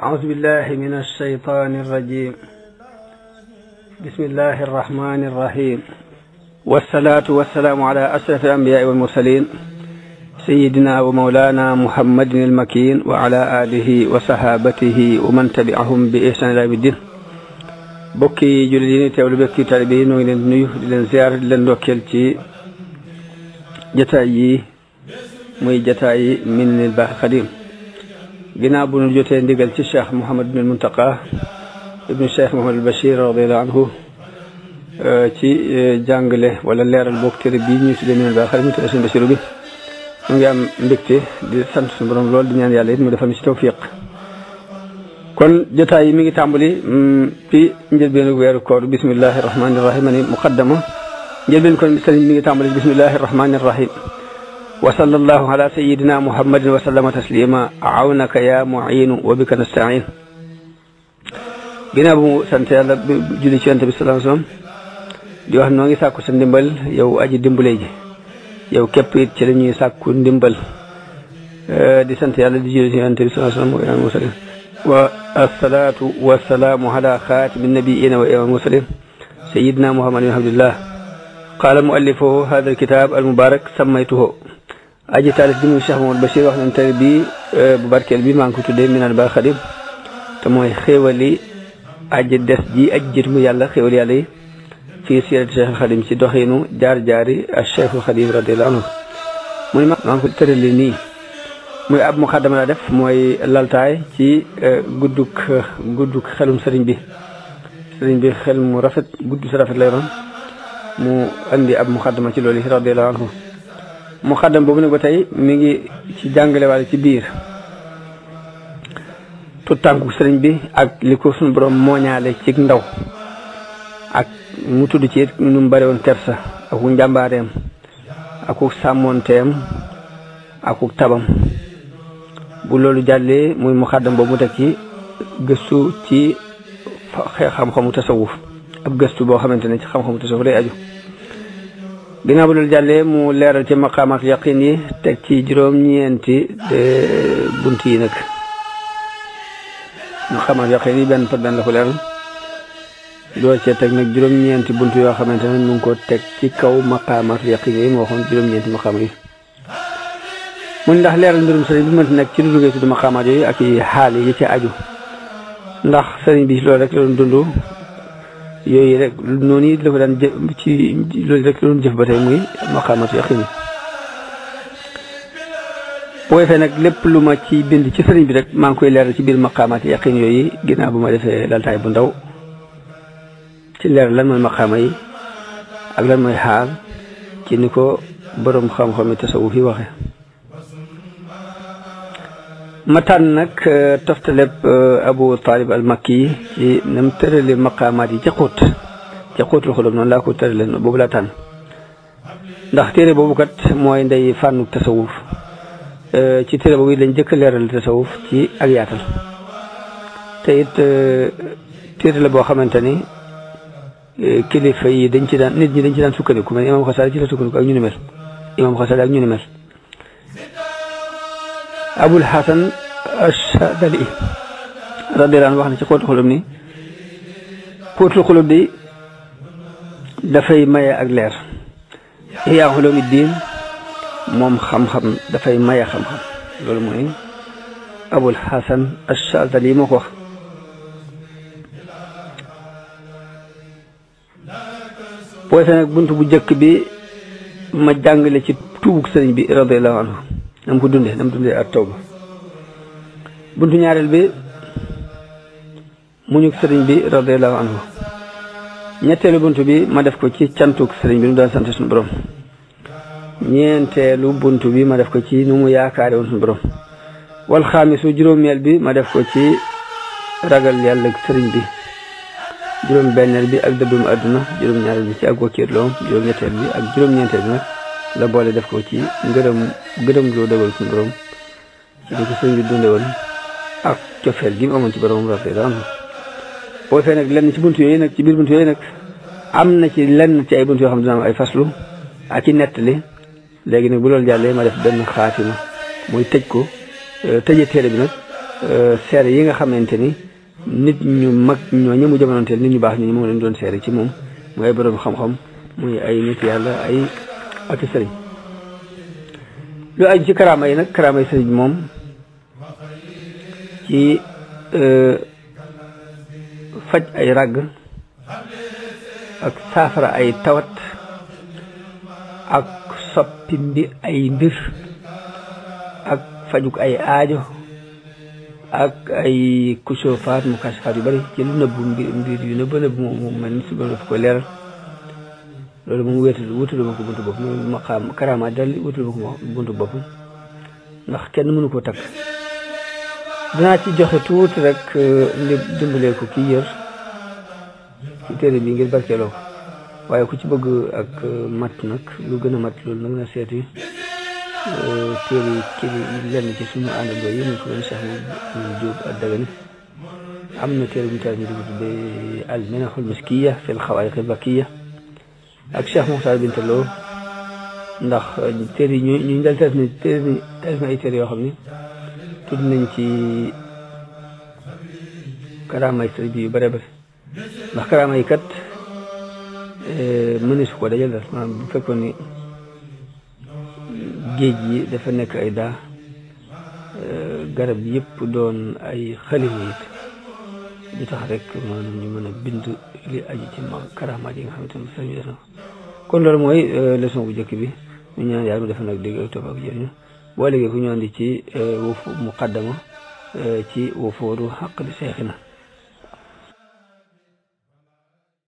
أعوذ بالله من الشيطان الرجيم بسم الله الرحمن الرحيم والصلاة والسلام على أشرف الأنبياء والمرسلين سيدنا ومولانا محمد المكين وعلى آله وصحابته ومن تبعهم بإحسان إلى يوم الدين bokki jullit yi ni teewlu bekki taalibe yi noo ngi leen nuyu di leen ziar di leen ndokkeel ci jataay yi muy jataay yi Minanul Baaxil Xadiim ginnaaw bu nu jotee ndigal ci cheikh Mouhamad bin Muntaqa ibnu cheikh Mouhamad Bachir radiallahu anhu ci jàngale wala leeral bokk tere bii ñu tuddee Minanul Baaxil Xadiim ñu tuddee seen Bachir bi ñu ngi am mbégte di sant suñu borom loolu di ñaan yàlla it mu defal ñu ci tawfiq kon jotaay yi mi ngi tàmbali mm, ci njëlbeenu weeru koor bismillahi rahmaani rahim ani muqaddama njëlbeen kon sëriñ mi ngi tàmbali bismillahi rahmaani rahim wa sallallahu ala sayidina muhammadin wa sallama taslima awnaka ya muinu wa bika nastain ginnaaw bu mu sant yàlla julli ci yonent di wax noo ngi sàkku sa ndimbal yow aji dimbale ji yow képp it ci lañuy sàkku ndimbal di sant yàlla di jël ci yonente bi sallallahu alayhi wa sallam musalim wa asalaatu wasalaamu ala xaatimi nabiina wa imam musalim سيدنا محمد بن عبد قال مؤلفه هذا الكتاب المبارك سميته aji taalif bi muy Cheikh Mamadou Bachir wax nañ tari bi bu barkeel bi maa ngi ko tuddee minaan ba xadim te mooy xéewali aji des fii siirati Cheikh Xadim ci doxinu jaar-jaari ak Cheikhul Xadim radiyallahu anhu muy ma maa ngi ko tërali nii muy ab muxaddama la def mooy laltaay ci gudduk eh, gudduk xelum sëriñ bi sëriñ bi xel mu rafet gudd si rafet lay doon mu andi ab muxaddama ci loolu radiyallahu anhu muxaddam boobu nag ba tey mi ngi ci jàngale waale ci biir tut tànku sëriñ bi ak li ko suñu borom mooñaale ci ndaw ak mu tudd ci it nu mu bari woon kersa aku njàmbaareem aku sàmmoonteem aku tabam bu loolu jàllee muy mu xàddam boobu mu teg ci gëstu ci xam-xamu tasawuf ab gëstu boo xamante ne ci xam-xamu tasawuf day aju ginnaaw bu loolu jàllee mu leeral ci maqaamat yaqin yi teg ci juróom-ñeenti e, bunt yi nag maqaamat yaqin yi benn par benn la ko leeral door cee teg nag juróom-ñeenti bunt yoo xamante ne mu ngi ko teg ci kaw maqaamaatu yaqiin yi moo xam juróom-ñeenti maqaama yi mun ndax leeral mbirum sëriñ bi mënti nekk ci lu duggee tudd maqaamaat yooyu ak yi xaal yi ci aju ndax sëriñ bi loolu rek dund yooyu rek noonu yi ci loolu rek la muy maqaamaatu yaqiin bu defee nag lépp lu ma ci bind ci sëriñ bi rek maa ngi koy leeral ci biir maqaamaati yaqin yooyu ginnaaw bu ma defee laltaay bu ndaw ci leer lan mooy maqaama yi ak lan mooy xaal ci ni ko borom xam-xam yi tasawuf yi waxe ma tànn nag toftaleb abu taalib al makki ci nam tërale maqaamaat yi ca xóot ca xóotul xulub noonu laa ko tërale boobu laa tànn ndax téere boobu kat mooy ndey fànnu tasawuf ci téere boobu lañ jëkk leeral tasawuf ci ak yaatal te it téere la boo xamante ni kilifa yi dañ ci daan nit ñi dañ ci daan sukkandiku mel imam xasaali ci la sukkandiku ak ñu ni mel imam xasaali ak ñu ni mel abul xasan ashadali radiallahu wax na ci xóotu xulub ni xóotu xulub di dafay maye ak leer yaa xulumi diin moom xam-xam dafay maye xam-xam loolu mooy abul xasan ashadali moo ko wax poose nag bunt bu njëkk bi ma jàngale ci tuubug sëriñ bi radiallahu anhu nam ko dunde nam dunde ak tawba bunt ñaareel bi muñug sëriñ bi radiallahu anhu ñetteelu bunt bi ma def ko ci cantuk sëriñ bi nu daan sant suñu borom ñeenteelu bunt bi ma def ko ci nu mu yaakaare woon suñu borom wal xaamisu juróomeel bi ma def ko ci ragal yàlla sëriñ bi juróom benneel bi ak dëddum àdduna juróom ñaareel bi ci ak wakkiirloom juróom ñetteel bi ak juróom ñeenteel bi nag la boole def ko ci ngërëm ngërëm loo dogal suñu borom ci li ci dunde woon ak cofeel gi amoon ci borom rafetlu am. boo fee nag lenn ci buntu yooyu nag ci biir buntu yooyu nag am na ci lenn ci ay buntu yoo xam ne dina am ay faslu ak ci li léegi nag bu loolu jàllee ma def benn xaatima mooy tëj ko tëjee téere bi nag seere yi nga xamante ni. nit ñu mag ñooñu mu jamonoonteel nit ñu baax ñooñu moom lañ doon seere ci moom muy ay borom xam-xam muy ay nit yàlla ay ak sëriñ lu yi nag karaama yi moom ci euh, faj ay ràgg ak saafara ay tawat ak soppi ay mbir ak fajuk ay aajo ak ay kushoofaat mu kashfaat yu bari ci lu nëbbu mbir mbir yu nëbba moom mel ni suba ko leeral loolu moom wéetul wutalu ba ko buntu bopp loolu maqaam karaama dal wutalu ba ko buntu bopp ndax kenn mënu ko takk dinaa ci joxe tuuti rek li euh, dimbalee ko kii yër ci bi ngir barkeeloo ko waaye ku ci bëgg ak euh, mat nag lu gën a mat loolu nag na seeti Turi ilan ke suna ana goyi ne kuma shi hu job daga ne عمنا كير متعلم بالمنح المسكية في الخوارق البكية أكشاف مختار بنت اللو ndax téere yi ñu dal tef ni téere ni tef na ay téere yoo xam ne tudd nañ ci karaamay sëriñ bi yu bare bare ndax karaamay kat mënees ko dajal daal maanaam bu fekkoon ni جيجي دفنك ايدا غرب يب دون اي خليل دي تحرك من من بنت لي اجي تي ما كرامه دي خامتو سني دا كون لول موي لسون بو جيك بي ني نيا يارو دفنك دي توبا جيرني ولي كو نوندي تي وفو مقدمه تي وفور حق لشيخنا